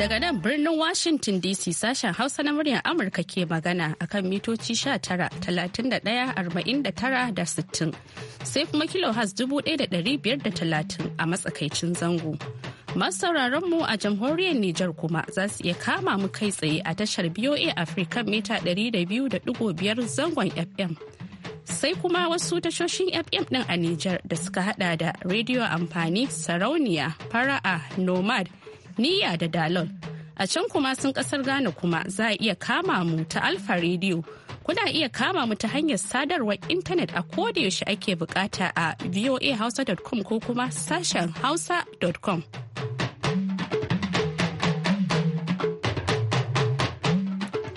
Daga nan birnin Washington DC sashen Hausa na muryar Amurka ke magana akan mitoci 19, da 60. Sai kuma kilohas 1530 a matsakaicin zango. Masu sauraron mu a jamhuriyar Nijar kuma za su iya kama mu kai tsaye a tashar BOA Afrika mita 200.5 zangon FM. Sai kuma wasu tashoshin FM ɗin a Nijar da suka hada da rediyo amfani, sarauniya, fara'a, nomad, niyya da dalol a can kuma sun kasar ghana kuma za a iya kama mu ta alfa rediyo kuna iya kama mu ta hanyar sadarwar intanet a yaushe ake bukata a voahausa.com ko kuma sashen hausa.com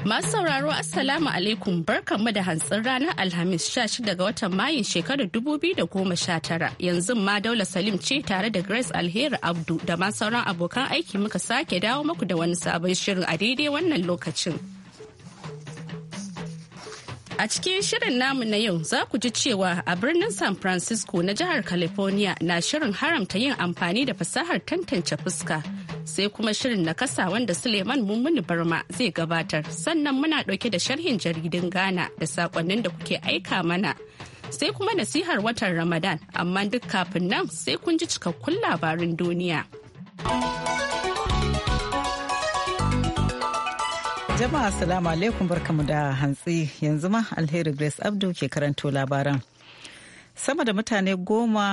Masu sauraro Assalamu alaikum barkanmu da hantsin ranar Alhamis 16 ga watan Mayin shekarar 2019 yanzu ma Daula Salim ce tare da Grace Alheri Abdu da ma sauran abokan aiki muka sake dawo muku da wani sabon shirin a daidai wannan lokacin. A cikin shirin namu na yau za ku ji cewa a birnin San Francisco na jihar California na shirin haramta yin amfani da fasahar tantance fuska. sai kuma shirin na kasa wanda suleiman mummuni barma zai gabatar sannan muna dauke da sharhin jaridin ghana da sakonnin da kuke aika mana sai kuma nasihar watan ramadan amma duk kafin nan sai kun ji cikakkun labarin duniya jama'a salamu alaikum barkamu da hantsi yanzu ma alheri grace abdu ke karanto labaran sama da mutane goma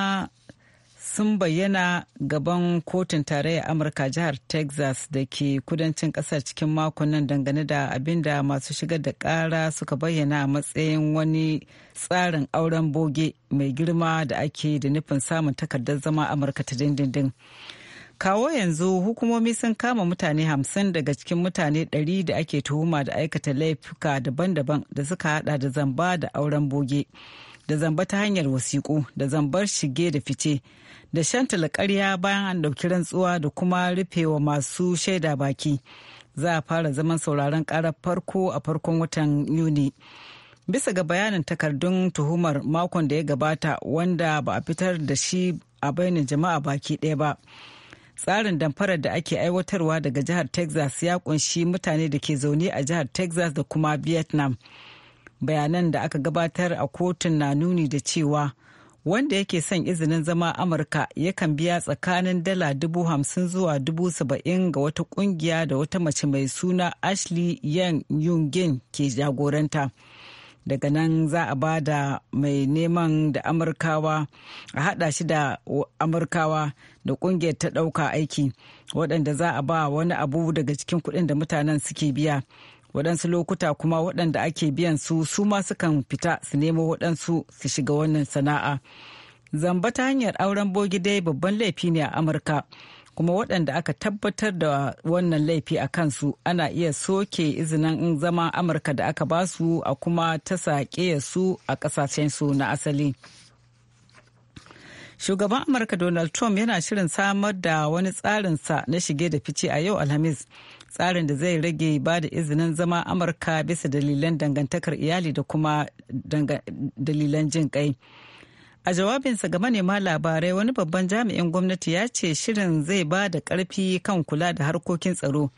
sun bayyana gaban kotun tarayyar amurka jihar texas da ke kudancin kasar cikin makon nan dangane da abin da masu shigar da kara suka bayyana a matsayin wani tsarin auren boge mai girma da ake da nufin samun takardar zama amurka ta dindindin kawo yanzu hukumomi sun kama mutane hamsin daga cikin mutane ɗari da ake tuhuma da aikata laifuka daban-daban da suka hada da zamba da auren boge da zamba ta hanyar wasiƙu da zambar shige da fice da shantala karya bayan an ɗauki rantsuwa da kuma rufewa masu shaida baki za a fara zaman sauraron karar farko a farkon watan yuni bisa ga bayanin takardun tuhumar makon da ya gabata wanda ba a fitar da shi a bainin jama'a baki ɗaya ba tsarin damfarar da ake aiwatarwa daga jihar texas ya kunshi mutane da ke zaune a jihar texas da kuma vietnam bayanan da aka gabatar a kotun na nuni da cewa wanda yake son izinin zama amurka yakan biya tsakanin dala dubu hamsin zuwa dubu saba'in ga wata kungiya da wata mace mai suna ashley yang yungin ke jagoranta daga nan za a ba da mai neman da amurkawa a hada shi da amurkawa da kungiyar ta dauka aiki waɗanda za a ba wani abu daga cikin kuɗin da mutanen suke biya waɗansu lokuta kuma waɗanda ake biyan su su ma sukan fita su nemo waɗansu su shiga wannan sana'a zamba ta hanyar auren bogi dai babban laifi ne a amurka kuma waɗanda aka tabbatar da wannan laifi a kansu ana iya soke izinin zama amurka da aka ba su a kuma ta saƙe su a ƙasashensu na asali shugaban amurka donald trump yana shirin samar da wani tsarinsa na shige da fice a yau alhamis tsarin da zai rage ba da izinin zama amurka bisa dalilan dangantakar iyali da kuma dalilan jin kai a jawabinsa ga manema labarai wani babban jami'in gwamnati ya ce shirin zai ba da karfi kan kula da harkokin tsaro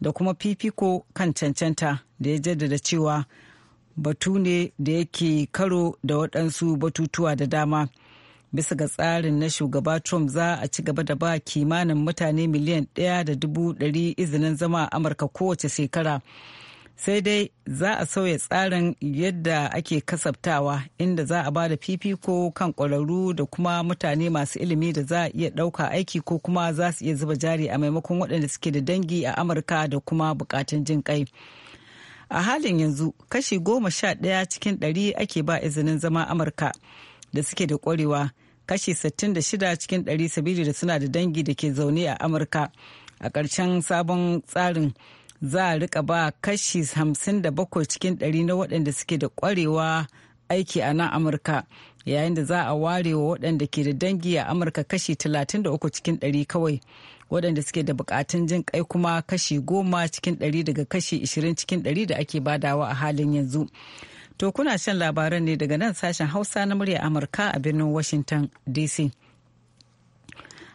da kuma fifiko kan cancanta da ya jaddada cewa batu ne da yake karo da waɗansu batutuwa da dama. bisa ga tsarin na shugaba trump za a ci gaba da ba kimanin mutane miliyan ɗaya da dubu ɗari izinin zama a amurka kowace shekara sai dai za a sauya tsarin yadda ake kasabtawa inda za a ba da fifiko kan ƙwararru da kuma mutane masu ilimi da za a iya ɗauka aiki ko kuma za su iya zuba jari a maimakon waɗanda suke da dangi a amurka da kuma buƙatun jin ƙai. a halin yanzu kashi goma sha ɗaya cikin ɗari ake ba izinin zama amurka da suke da kwarewa kashi 66 cikin 100 sabili da suna da dangi da ke zaune a amurka a ƙarshen sabon tsarin za a rika ba kashi 57 cikin 100 na waɗanda suke da kwarewa aiki a nan amurka yayin da za a ware wa waɗanda ke da dangi a amurka kashi 33 cikin 100 kawai waɗanda suke da bukatun jin kai kuma kashi 10 cikin 100 daga kashi 20 cikin 100 da ake badawa a halin yanzu. To kuna shan labaran ne daga nan sashen Hausa na murya Amurka a birnin Washington DC.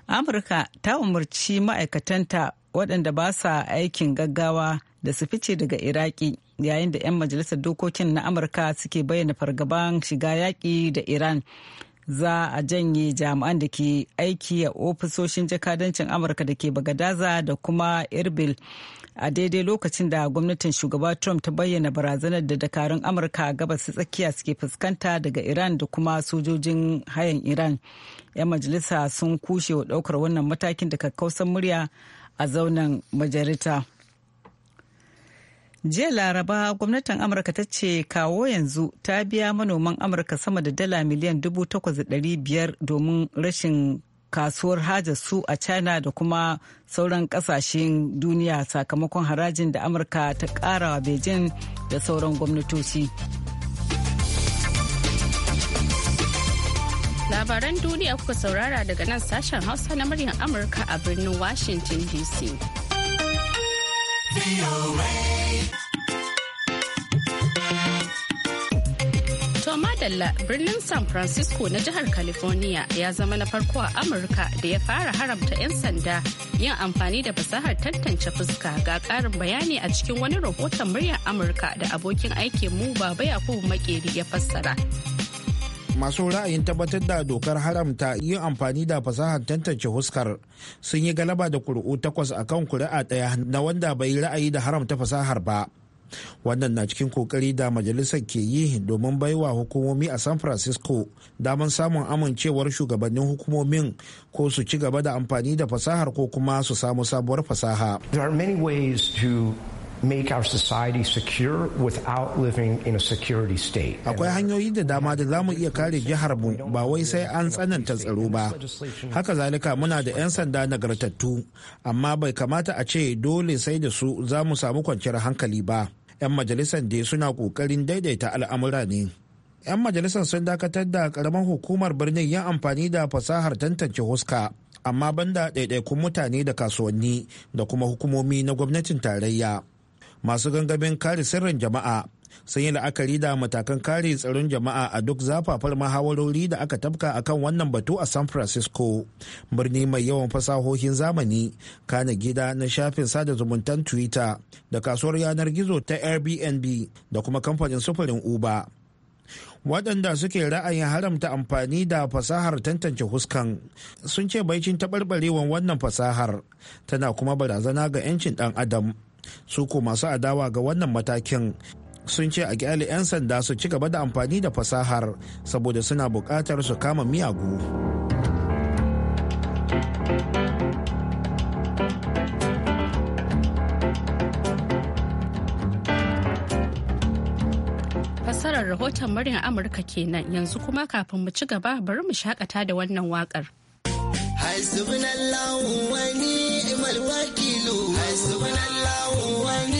Amurka ta umarci ma'aikatanta waɗanda ba sa aikin gaggawa da su fice daga Iraki yayin da 'yan majalisar dokokin na Amurka suke bayyana fargaban shiga yaƙi da Iran. za a janye jami'an da ke aiki a ofisoshin jakadancin amurka da ke bagadaza da kuma irbil a daidai lokacin da gwamnatin shugaba trump ta bayyana barazanar da dakarun amurka a gabas tsakiya suke fuskanta daga iran da kuma sojojin hayan iran 'yan majalisa sun kushe wa daukar wannan matakin da kakkausan murya a zaunan majalita. jiya laraba gwamnatin amurka ta ce kawo yanzu ta biya manoman amurka sama da dala miliyan dubu takwas biyar domin rashin kasuwar hajar su a china da kuma sauran kasashen duniya sakamakon harajin da amurka ta kara wa beijing da sauran gwamnatoci labaran duniya kuka saurara daga nan sashen hausa na muryar amurka a birnin washington dc Dalla birnin San Francisco na jihar California ya zama na farko a Amurka da ya fara haramta 'yan sanda yin amfani da fasahar tantance fuska ga karin bayani a cikin wani rahoton muryar Amurka da abokin aikin mu Baba Yakubu Makeri ya fassara. masu ra'ayin tabbatar da dokar haramta yin amfani da fasahar tantance huskar sun yi galaba da kuri'u takwas a kan kuri'a ɗaya na wanda bai ra'ayi da haramta fasahar ba wannan na cikin kokari da majalisar ke yi domin baiwa hukumomi a san francisco damar samun amincewar shugabannin hukumomin ko su ci gaba da amfani da fasahar ko kuma su samu sabuwar fasaha make our society secure without living in a security state. Akwai hanyoyi da dama da zamu iya kare jihar mu ba wai sai an tsananta tsaro ba. Haka zalika muna da 'yan sanda nagartattu, amma bai kamata a ce dole sai da su zamu samu kwanciyar hankali ba. 'Yan majalisar dai suna kokarin daidaita al'amura ne. 'Yan majalisar sun dakatar da ƙaramin hukumar birnin yin amfani da fasahar tantance huska. amma banda ɗaiɗaikun mutane da kasuwanni da kuma hukumomi na gwamnatin tarayya masu gangamin kare sirrin jama'a sun yi la'akari da matakan kare tsaron jama'a a duk zafafar mahawarori da aka tafka akan wannan batu a san francisco birni mai yawan fasahohin zamani kana gida na shafin sada zumuntan twitter da kasuwar yanar gizo ta airbnb da kuma kamfanin sufurin uber waɗanda suke ra'ayin haramta amfani da fasahar tantance huskan sun ce baicin taɓarɓarewan wannan fasahar tana kuma barazana ga 'yancin ɗan adam su ko masu adawa ga wannan matakin sun ce a kyale 'yan sanda su ci gaba da amfani da fasahar saboda suna buƙatar su kama miyagu fasarar rahoton muryar amurka kenan yanzu kuma kafin mu ci gaba bari mu shakata da wannan waƙar. wani ni'mal wakilu Away.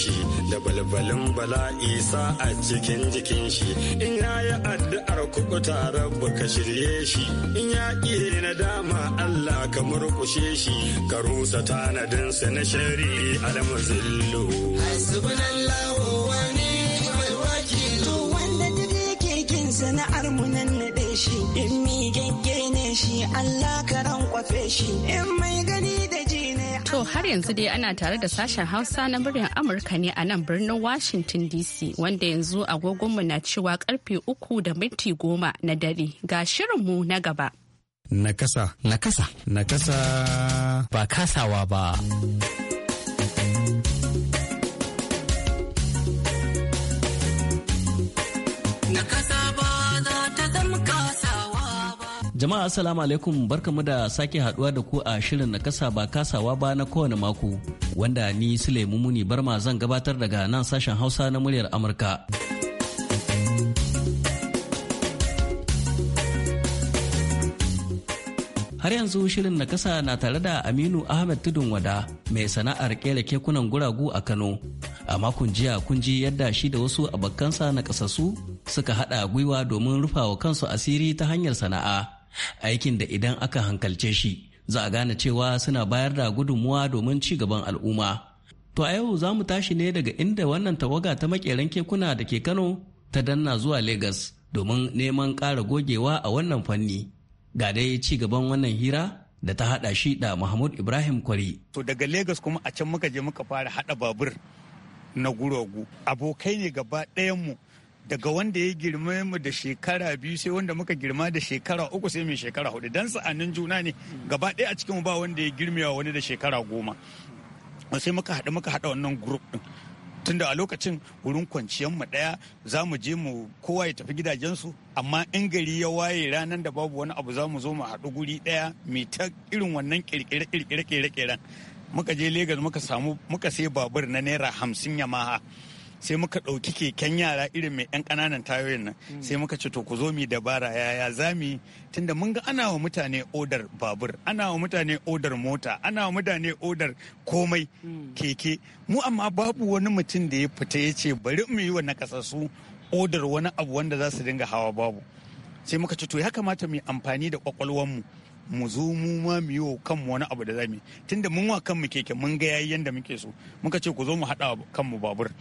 shi da balbalin bala'i sa a cikin jikin shi in ya yi addu'ar kuɓuta rabu ka shirye shi in ya ƙi na dama Allah ka murƙushe shi ka rusa tanadinsa na shari'i almuzillu. Hasbunallahu wa ni'mal To wanda duk yake sana'ar mu nan shi in mi ne shi Allah ka ran shi in mai gani To har yanzu dai ana tare da sashen Hausa na muryar Amurka ne a nan birnin Washington DC wanda yanzu agogonmu na cewa karfe uku da minti goma na dare ga shirinmu na gaba. Nakasa. Nakasa. Nakasa. Ba kasawa ba. Nakasa. Jama'a assalamu alaikum barkamu da sake haduwa da ku a shirin na kasa ba kasawa ba na kowane mako wanda ni Sule Mumuni Barma zan gabatar daga nan sashen Hausa na muryar Amurka. har yanzu shirin na kasa na tare da aminu ahmed tudun wada mai sana'ar kera kekunan guragu a kano a makon jiya kun ji yadda shi da wasu abokansa na kasassu suka haɗa gwiwa domin rufawa kansu asiri ta hanyar sana'a aikin da idan aka hankalce shi za a gane cewa suna bayar da gudunmuwa domin ci gaban al'umma to a yau za mu tashi ne daga inda wannan tawaga ta makeran kekuna da ke kano ta danna zuwa Legas domin neman ƙara gogewa a wannan fanni ga dai ci gaban wannan hira da ta haɗa shi da Mahmud Ibrahim Kwari. To daga Legas kuma a can muka je muka fara haɗa babur na gurogu. Abokai ne gaba ɗayanmu daga wanda ya girma mu da shekara biyu sai wanda muka girma da shekara uku sai mai shekara hudu dan sa'anin juna ne gaba ɗaya a cikin ba wanda ya wa wani da shekara goma sai muka haɗu muka haɗa wannan group din tunda a lokacin wurin kwanciyar mu ɗaya za mu je mu kowa ya tafi gidajensu amma in gari ya waye ranar da babu wani abu za mu zo mu haɗu guri daya mai ta irin wannan kirkire kirkire kere muka je Legas muka samu muka sai babur na naira hamsin yamaha sai muka ɗauki keken yara irin mai 'yan ƙananan tayoyin nan hmm. sai muka ce to ku zo mu dabara yaya za mu tunda mun ga ana wa mutane odar babur ana wa mutane odar mota ana wa mutane odar komai hmm. keke mu amma babu wani mutum da ya fita ya ce bari mu yi wa nakasassu odar wani abu wanda za su dinga hawa babu sai muka ce to ya kamata mu yi amfani da kwakwalwarmu mu zo mu ma mu yi kanmu wani abu da za mu tunda mun wa kanmu keke mun ga yayi yanda muke so muka ce ku zo mu haɗa kanmu babur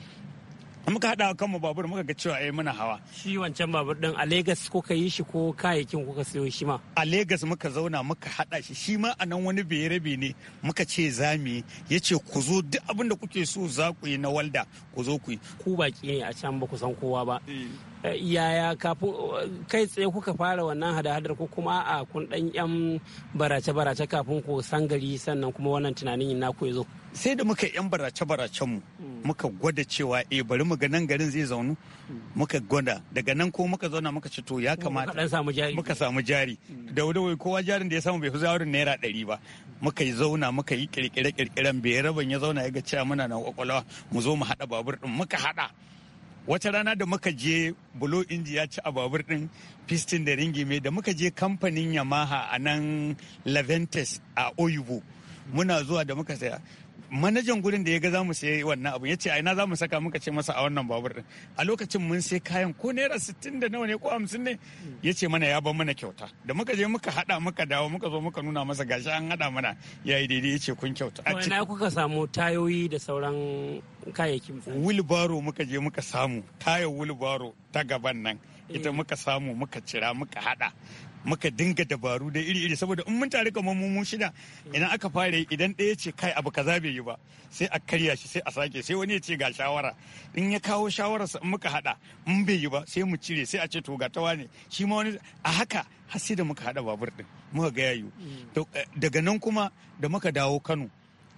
muka haɗa kanmu babur muka ga cewa eh muna hawa shi wancan babur din a Legas kuka yi shi ko kayayyakin kuka sayo shi ma a Legas muka zauna muka haɗa shi shi ma anan wani berabe ne muka ce zami yace ce ku zo duk abin da kuke so za ku yi na walda ku zo ku yi ku baki ne a can ba ku san kowa ba eh. Eh, yaya kafin eh, kai tsaye kuka fara wannan hada-hadar ko kuma a kun dan yan barace-barace kafin ku san gari sannan kuma wannan tunanin na ku zo sai da muka yan barace-baracen mu muka gwada cewa eh bari mu ga nan garin zai zaunu muka gwada daga nan ko muka zauna muka ci to ya kamata muka samu jari da wuri kowa jarin da ya samu bai fi zaurin naira ɗari ba muka yi zauna muka yi kirkire-kirkiren bai raban ya zauna ya ga cewa muna na kwakwalwa mu zo mu haɗa babur din muka haɗa wata rana da muka je bulo inji ya ci babur din pistin da ringime da muka je kamfanin yamaha a nan laventes a oyubu muna zuwa da muka saya manajan gurin da ya ga zamu sayi wannan abu ya ce a zamu saka muka ce masa a wannan babur din a lokacin mun sai kayan ko naira sittin da nawa ne ko hamsin ne ya ce mana ya ban mana kyauta da muka je muka hada muka dawo muka zo muka nuna masa gashi an hada mana ya yi daidai ya ce kun kyauta a ina kuka samu tayoyi da sauran kayayyakin wilbaro muka je muka samu tayar wilbaro ta gaban nan ita eh. muka samu muka cira muka hada muka dinga dabaru da iri-iri saboda in mun tare kamar mu shida idan aka fara idan ɗaya ce kai abu kaza bai yi ba sai a karya shi sai a sake sai wani ya ce ga shawara in ya kawo shawararsa in muka hada in bai yi ba sai mu cire sai a ce to ga tawa ne shi ma wani a haka har sai da muka hada babur din muka ga yayu mm. eh, daga nan kuma da muka dawo Kano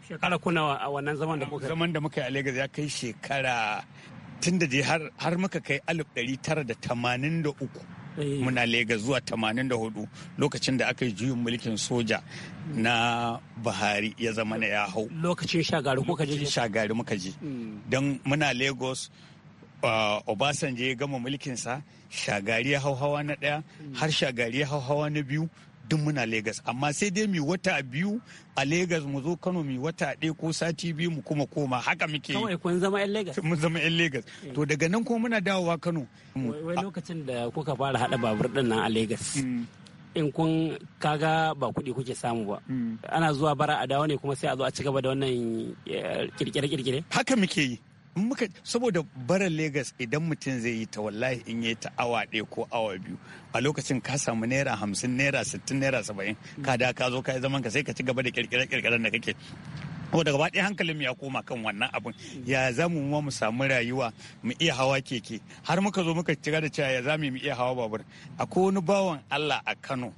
shekara kuna a wannan zaman da muka zaman da muka yi a Lagos ya kai shekara tun da har muka kai alif ɗari tara da tamanin da uku Eh. muna Legas zuwa 84 lokacin da aka yi juyin mulkin soja na Buhari ya zama na ya hau. Lokacin shagari kuka je? Shagari muka je. Hmm. Don muna Lagos uh, Obasanjo ya gama mulkinsa shagari ya hau hawa na ɗaya hmm. har shagari ya hau hawa na biyu duk muna Legas amma sai dai mu wata biyu a Legas mu zo Kano mu wata ɗaya ko sati biyu mu kuma koma haka muke kawai kun zama ɗan Legas mun zama ɗan Legas eh. to daga nan kuma muna dawowa Kano wai lokacin da kuka fara hada babur din nan a Legas mm. in kun kaga ba kuɗi kuke samu ba mm. ana zuwa bara a dawo ne kuma sai a zo a ci gaba da wannan eh, kirkire-kirkire haka muke yi muka saboda barin Legas idan mutum zai yi ta wallahi in yi ta awa ɗaya ko awa biyu a lokacin ka samu naira hamsin naira sittin naira saba'in ka da ka zo ka yi zaman ka sai ka ci gaba da kirkire-kirkiren da kake ko daga baɗi hankalin ya koma kan wannan abin ya za mu ma mu samu rayuwa mu iya hawa keke har muka zo muka cika da cewa ya za mu iya hawa babur akwai wani bawan Allah a Kano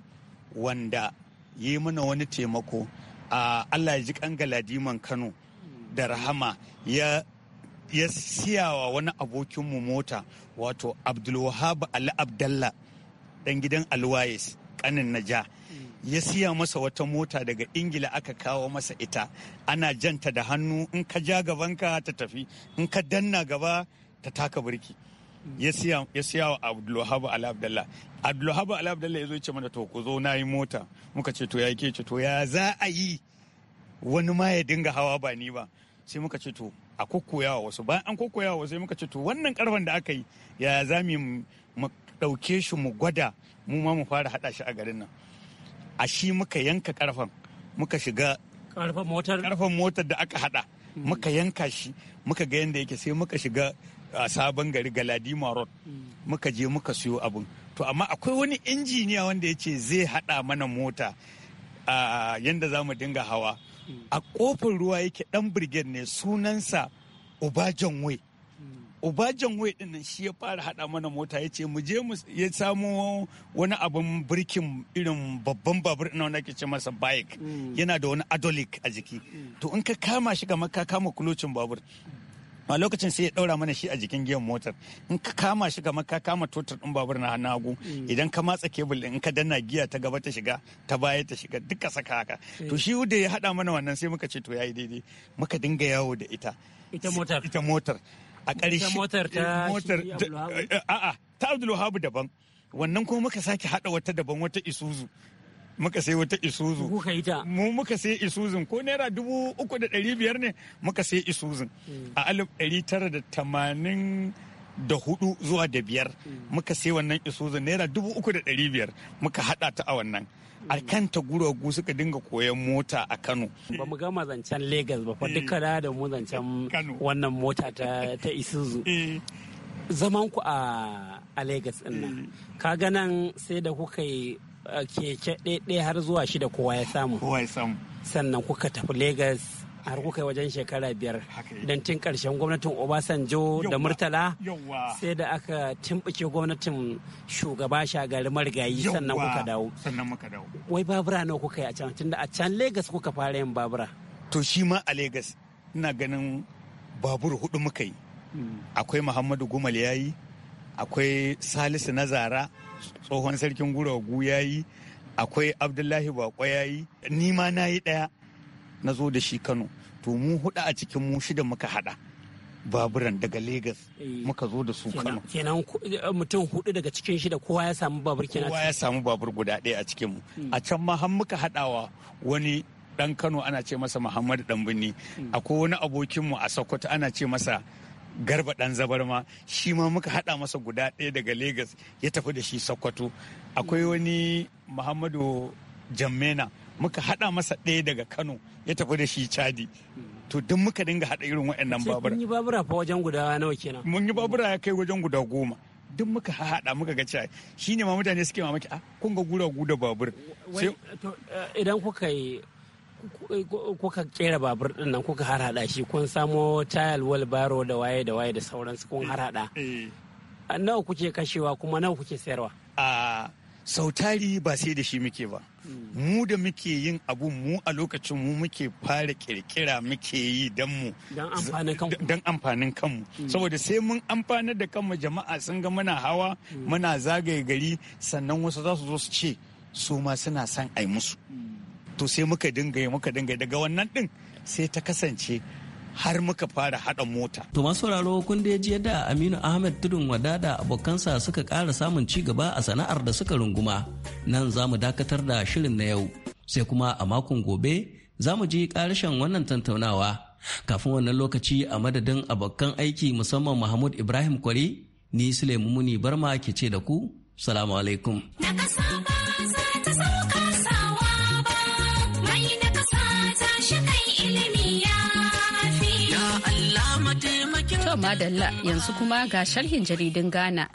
wanda yi mana wani taimako a ah, Allah ya ji kan galadiman Kano da rahama ya ya wa wani abokinmu mota wato abdulwahab ali abdalla dan gidan alwayes kanin naja ya siya masa wata mota daga ingila aka kawo masa ita ana janta da hannu in ka ja gabanka ta tafi in ka danna gaba ta taka birki ya siya wa abdulwahab ali abdalla abdulwahab ali abdalla ya zo ce mana to ku zo na yi mota muka ce to ya ke ce to ya za a yi wani ma ya dinga hawa ba ni ba sai muka ce to a wa wasu bayan an wa wasu muka ce to wannan karfan da aka yi ya za mu ɗauke shi mu gwada mu ma mu fara haɗa shi a garin nan a shi muka yanka karfan muka shiga karfan motar karfan motar da aka haɗa hmm. muka yanka shi muka ga yanda yake sai muka shiga a sabon gari galadima road hmm. muka je muka siyo abin to amma akwai wani injiniya wanda ya ce zai haɗa mana mota a yadda za dinga hawa a kofin ruwa yake dan birgen ne sunansa ubajan wai ubajan wai din nan shi ya fara hada mana mota ya ce mu je mu ya samo wani abin birkin irin babban babur na wanda ke ce masa bike mm. yana da wani adolik a jiki mm. to in ka kama shi kamar kama kulocin babur a lokacin sai ya daura mana shi a jikin giyan motar in ka kama shi kamar ka kama totar din babur na hannu mm. idan ka matsa kebul in ka danna giya ta gaba ta shiga ta baya ta shiga duka saka haka mm. to shi da ya hada mana wannan sai muka ce to yayi daidai muka dinga yawo da ita ita motar ita motar a ƙarshe motar ta eh, motar eh, eh, a'a ta Abdul daban wannan kuma muka sake hada wata daban wata Isuzu muka sai wata isuzu mu muka sai isuzun ko naira dubu uku da ɗari biyar ne muka sai isuzun hmm. a alif ɗari tara da tamanin da hudu zuwa da biyar hmm. muka sai wannan isuzun naira dubu uku da ɗari biyar muka haɗa ta a wannan hmm. a kan ta guragu suka dinga koyan mota a kano ba mu gama zancen Legas ba fa duka da mu zancen wannan mota ta isuzu eh. zaman ku a Legas ɗin nan Ka ganan sai da kuka yi keke ɗaiɗai har zuwa shida kowa ya samu kowa ya samu sannan kuka tafi Legas har kuka yi wajen shekara biyar don tun karshen gwamnatin obasanjo da murtala sai da aka timbuke gwamnatin shugaba shagari marigayi sannan kuka dawo Sannan muka dawo. wai babura nawa kuka yi a can tunda a can Legas kuka fara yin babura to shi ma a Legas ina ganin babur hudu muka yi hmm. akwai muhammadu gumal yayi akwai salisu na zara tsohon sarkin guragu ya yi akwai abdullahi bako ya yi ni ma na yi daya na zo da shi kano to mu huɗu a cikin mu shida muka haɗa baburan daga Legas eh, muka zo da su Kano. Kenan eh, mutum hudu daga cikin shida kowa ya samu babur kenan. Kowa ya samu babur guda ɗaya a cikin mu. Hmm. A can ma har muka haɗawa wani ɗan Kano ana ce masa Muhammadu Ɗanbini. Hmm. Akwai wani abokin mu a Sokoto ana ce masa garba dan zabarma shi ma muka hada masa guda ɗaya daga Legas ya tafi da shi Sokoto akwai wani Muhammadu Jammena muka hada masa ɗaya daga Kano ya tafi da shi Chadi to duk muka dinga hada irin waɗannan babura mun yi babura fa wajen guda nawa kenan mun yi babura ya kai wajen guda goma duk muka haɗa muka ga cewa shine ma mutane suke mamaki a ah, kun ga gura guda babur eh, idan kuka yi kuka kera babur din nan kuka harhaɗa shi kun samo tayal wal baro da waye da waye da sauransu kun harhaɗa eh. nawa kuke kashewa kuma nawa kuke sayarwa a sautari ba sai da shi muke ba mu da muke yin abun mu a lokacin mu muke fara kirkira muke yi don mu don amfanin kanmu hmm. saboda sai mun amfanar da kanmu jama'a sun ga muna hawa hmm. muna zagaye gari sannan wasu za su zo su ce su ma suna son ai musu hmm. to sai muka dinga yi muka dinga daga wannan din sai ta kasance har muka fara haɗa mota. To masu sauraro kun da ji yadda Aminu Ahmed Tudun da abokansa suka ƙara samun ci gaba a sana'ar da suka runguma. Nan za mu dakatar da shirin na yau. Sai kuma a makon gobe za mu ji ƙarshen wannan tantaunawa. Kafin wannan lokaci a madadin abokan aiki musamman Mahmud Ibrahim Kwari, ni Suleiman Muni Barma ke ce da ku, salamu alaikum. To madalla yanzu kuma ga sharhin jaridun Ghana.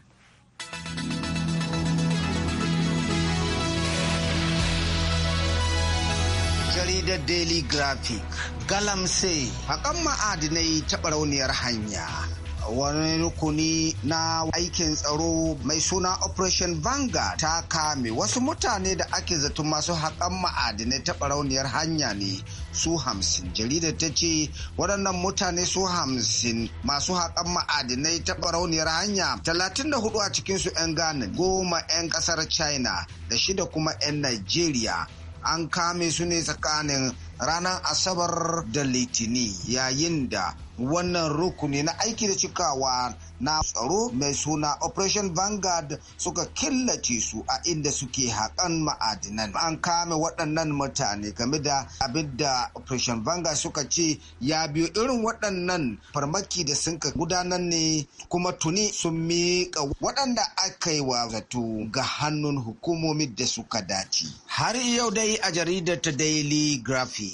jaridar Daily Graphic, Galamse, haƙan ma'adinai ta barauniyar hanya. wani rukuni na aikin tsaro mai suna operation vanga ta kame wasu mutane da ake zato masu haƙan ma'adinai ta barauniyar hanya ne su hamsin jaridar ta ce waɗannan mutane su hamsin masu haƙan ma'adinai ta barauniyar hanya talatin da hudu a cikinsu 'yan ghana goma 'yan ƙasar china da shida kuma 'yan nigeria an kame su ne tsakanin ranar asabar da litini yayin da wannan rukuni na aiki da cikawa na tsaro mai suna Operation Vanguard suka killace su a inda suke haƙan ma'adinan. An kame waɗannan mutane game da abin da Operation Vanguard suka ce ya biyo irin waɗannan farmaki da sun ka gudanar ne kuma tuni sun miƙa waɗanda aka yi wa zato ga hannun hukumomi da suka dace. Har yau dai a jaridar ta Daily Graphic.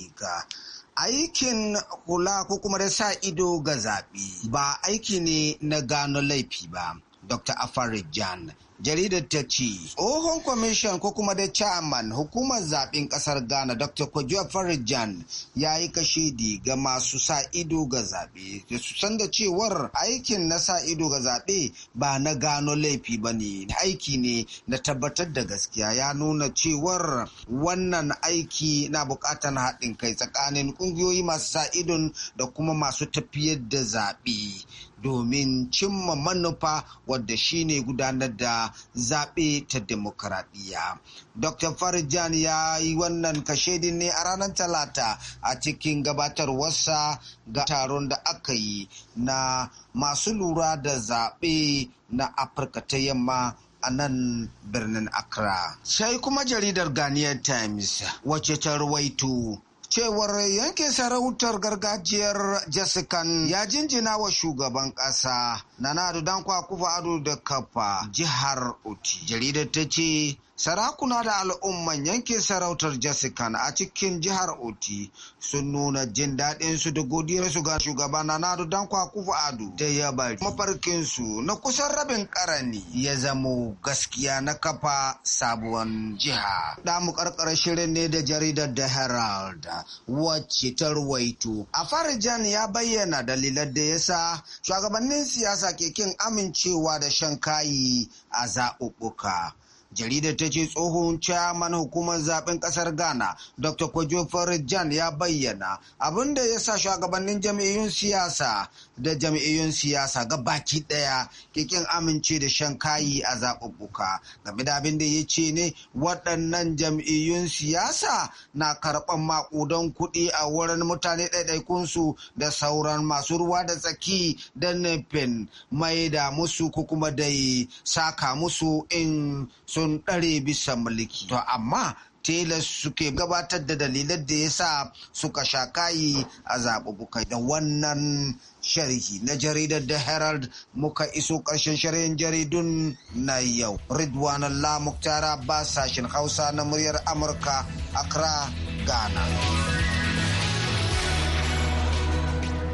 aikin kula ko kuma da sa ido ga zaɓe ba aiki ne na gano laifi ba dr afarijan jaridar ta ce tsohon kwamishin ko kuma da chairman hukumar zaɓen ƙasar ghana dr kwajo farijan ya yi kashedi ga masu sa ido ga zaɓe da su san da cewar aikin na sa ido ga zaɓe ba na gano laifi ba ne aiki ne na tabbatar da gaskiya ya nuna cewar wannan aiki na buƙatar haɗin kai tsakanin ƙungiyoyi masu sa idon da kuma masu tafiyar da zaɓe domin cimma manufa wadda shine gudanar da zaɓe ta demokuraɗiyya. Dr. Farijan ya yi wannan kashedin ne a ranar Talata a cikin gabatarwarsa ga taron da aka yi na masu lura da zaɓe na Afirka ta yamma a nan birnin Accra. Sai kuma jaridar Ghanaian Times wacce ta ruwaito cewar yanke sarautar gargajiyar jessican ya jinjina wa shugaban ƙasa Nana Ado Dankwa Kufa Ado da kafa jihar Oti. Jaridar ta ce sarakuna da al'umman yankin sarautar jessica a cikin jihar Oti sun nuna jin daɗin su da godiyar su ga shugaba Nana Ado Dankwa Kufa Ado da ya bari mafarkin su na kusan rabin karani ya zamo gaskiya na kafa sabuwar jiha. Damu karkara shirin ne da jaridar da Herald wacce ta ruwaito. A Farijan ya bayyana dalilan da yasa shugabannin siyasa da ke amincewa da shan kayi a zaɓuɓɓuka. jaridar ta ce tsohon chairman hukumar zaben ƙasar ghana dr kwajo jan ya bayyana abinda ya sa shugabannin jam'iyyun siyasa da jam'iyyun siyasa ga baki ɗaya kikin amince da shan kayi a zaɓuɓɓuka game da abin da ya ce ne waɗannan jam'iyyun siyasa na karɓar maƙudan kuɗi a wurin mutane ɗaiɗaikunsu da sauran masu ruwa da tsaki da nufin mai da musu ko kuma dai saka musu in sun ɗare bisa mulki to amma telas suke gabatar da dalilan da ya sa suka sha kayi a zaɓuɓɓuka da wannan sharhi na jaridar The Herald muka iso ƙarshen shari'in jaridun na yau. Ridwan Allah Muktara ba sashen Hausa na muryar Amurka, Accra, Ghana.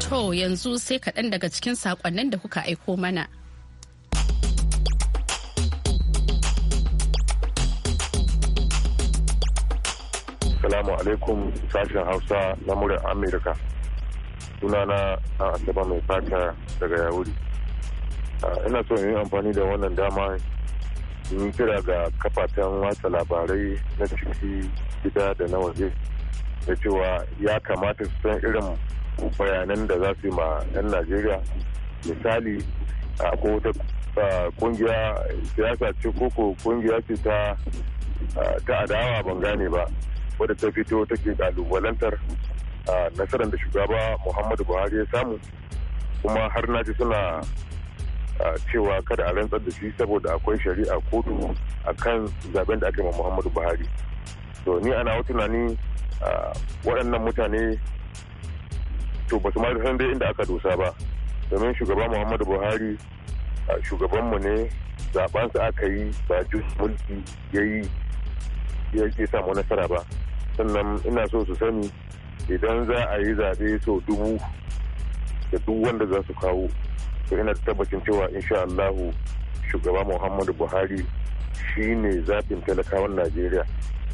To yanzu sai kaɗan daga cikin saƙonnin da kuka aiko mana. Salamu alaikum sashen Hausa na muryar Amurka. sunana a asaba mai fata daga yahudi ina so yi amfani da wannan dama in kira ga kafafen watsa labarai na ciki gida da na waje da cewa ya kamata su san irin bayanan da za su yi ma 'yan najeriya misali ko wata kungiya siyasa ce koko kungiya ce ta adawa ban gane ba wadda ta fito take kalubalantar nasarar da shugaba muhammadu buhari ya samu kuma har na ji suna cewa kada a rantsar da shi saboda akwai shari'a kotu a kan zaben da aka yi muhammadu buhari to ni ana tunani waɗannan mutane to ba su san dai inda aka dosa ba domin shugaba muhammadu buhari shugabanmu ne zabansa aka yi ba jus mulki ya yi ya ke samu nasara ba sannan ina so su sani idan za a yi zaɓe sau dubu da duk wanda za su kawo to ina tabbacin cewa insha Allahu shugaba Muhammadu Buhari shi ne zaɓin talakawan Najeriya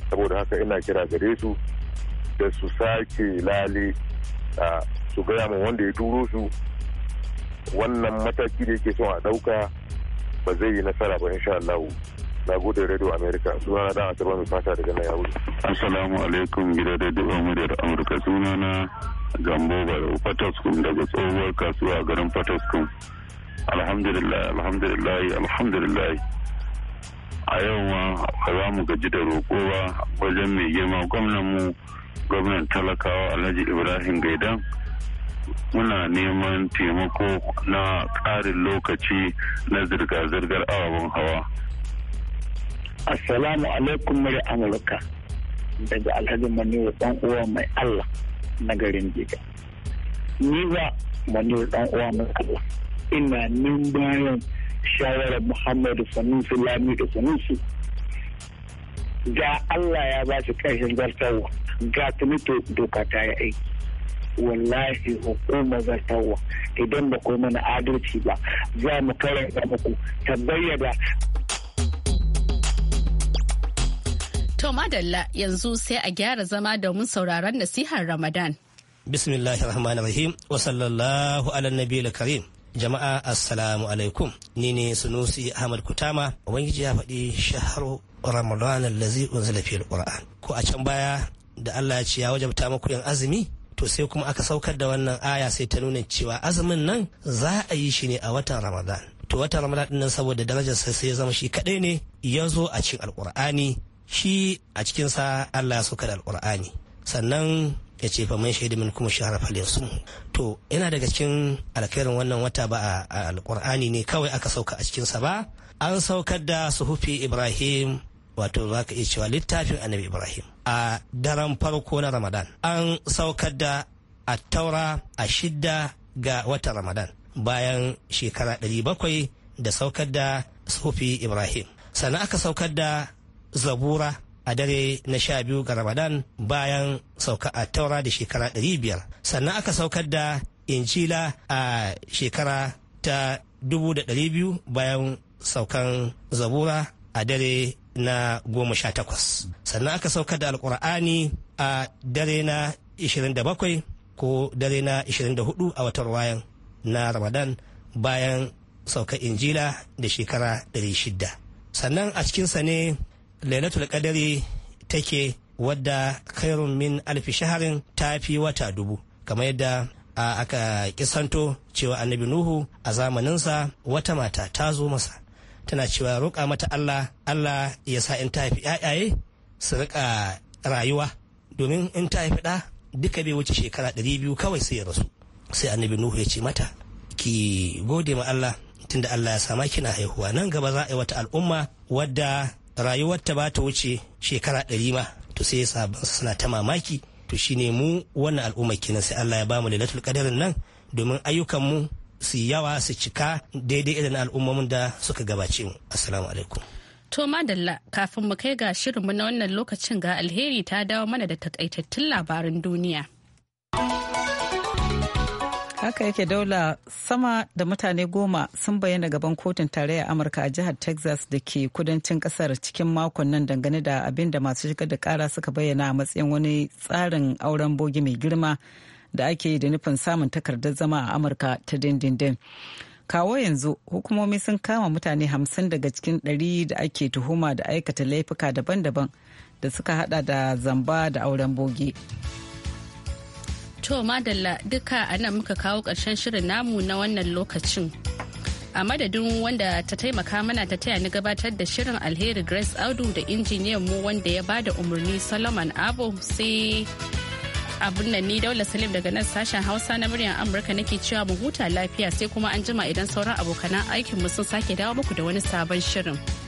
saboda haka ina kira gare su da su sake lale a su gaya ma wanda ya turo su wannan mataki da yake son a ɗauka ba zai yi nasara ba insha Allahu. na gode radio america suna na dan asirwa mai fata daga nan yawuri assalamu alaikum gida da duba muryar amurka suna na gambo barau fataskum daga tsohuwar kasuwa garin fataskum alhamdulillah alhamdulillah alhamdulillah a yau ma ba za mu gaji da roƙo ba wajen mai girma gwamnan mu gwamnan talakawa alhaji ibrahim gaidan muna neman taimako na ƙarin lokaci na zirga-zirgar ababen hawa Assalamu alaikum mure Amurka daga Alhaji Maniwa dan uwa mai Allah na garin Jiga. Ni ba Maniwa dan uwa mai Allah ina nin bayan shawarar Muhammadu Sanusi Lami da Sanusi. Ga Allah ya ba shi ƙarshen zartarwa ga tuni doka ta yi aiki. wallahi hukumar zartarwa idan ba mana adalci ba za mu karanta muku ta bayyana To madalla yanzu sai a gyara zama da domin sauraron nasihar Ramadan. Bismillahir Rahmanir Rahim wa sallallahu ala nabiyil karim. Jama'a assalamu alaikum. Ni ne Sunusi Ahmad Kutama. Ubangiji ya faɗi shaharu Ramadan allazi unzila fil Qur'an. Ko a can baya da Allah ya ce ya wajabta muku yin azumi to sai kuma aka saukar da wannan aya sai ta nuna cewa azumin nan za a yi shi ne a watan Ramadan. To watan Ramadan din nan saboda darajar sai ya zama shi kadai ne ya zo a cikin alkur'ani shi a cikinsa Allah ya saukar alkur'ani sannan ya ce fa man shaidu min kuma shahara sun? to yana daga cikin alkhairin wannan wata ba a alkur'ani ne kawai aka sauka a cikinsa ba an saukar da suhufi ibrahim wato za ka iya cewa littafin annabi ibrahim a daren farko na ramadan an saukar da a taura a shidda ga watan ramadan bayan shekara 700 da saukar da suhufi ibrahim sannan aka saukar da zabura a dare na sha biyu ga ramadan bayan sauka a taura da shekara ɗari biyar sannan aka saukar da injila a shekara ta dubu da ɗari biyu bayan saukan zabura a dare na goma sha takwas sannan aka saukar da alkur'ani a dare na ishirin da bakwai ko dare na ishirin da hudu a watan wayan na ramadan bayan saukar injila da shekara ɗari shidda sannan a cikinsa ne lailatul kadari take wadda khairun min alfi shaharin ta fi wata dubu kamar yadda aka kisanto cewa annabi nuhu a zamaninsa wata mata ta zo masa tana cewa roƙa mata allah allah ya sa in ta haifi yayaye su riƙa rayuwa domin in ta haifi ɗa duka bai wuce shekara ɗari biyu kawai sai ya rasu sai annabi nuhu ya ce mata ki gode ma allah tunda allah ya sama kina haihuwa nan gaba za a yi wata al'umma wadda rayuwarta ba ta wuce shekara ɗari ma to sai sa suna ta mamaki to shine mu wannan al'umma kenan sai Allah ya bamu lailatul qadarin nan domin ayyukan mu su yawa su cika daidai irin al'ummomin da suka gabace mu assalamu alaikum to madalla kafin mu kai ga shirinmu na wannan lokacin ga alheri ta dawo mana da takaitattun labarin duniya haka yake daula sama da mutane goma sun bayyana gaban kotun tarayya amurka a jihar texas da ke kudancin kasar cikin makon nan dangane da abin da masu shigar da kara suka bayyana a matsayin wani tsarin auren bogi mai girma da ake yi da nufin samun takardar zama a amurka ta dindindin kawo yanzu hukumomi sun kama mutane hamsin daga cikin ɗari da ake tuhuma da aikata laifuka daban-daban da suka hada da zamba da auren bogi. To madalla duka a nan muka kawo ƙarshen shirin namu na wannan lokacin. A madadin wanda ta taimaka mana ta taya ni gabatar da shirin alheri Grace Audu da injiniyan mu wanda ya bada umarni Solomon Abo sai abun nan ni Daula Salim daga nan sashen Hausa na muryar Amurka nake cewa mu huta lafiya sai kuma an jima idan sauran abokanan aikin mu sun sake dawo muku da wani sabon shirin.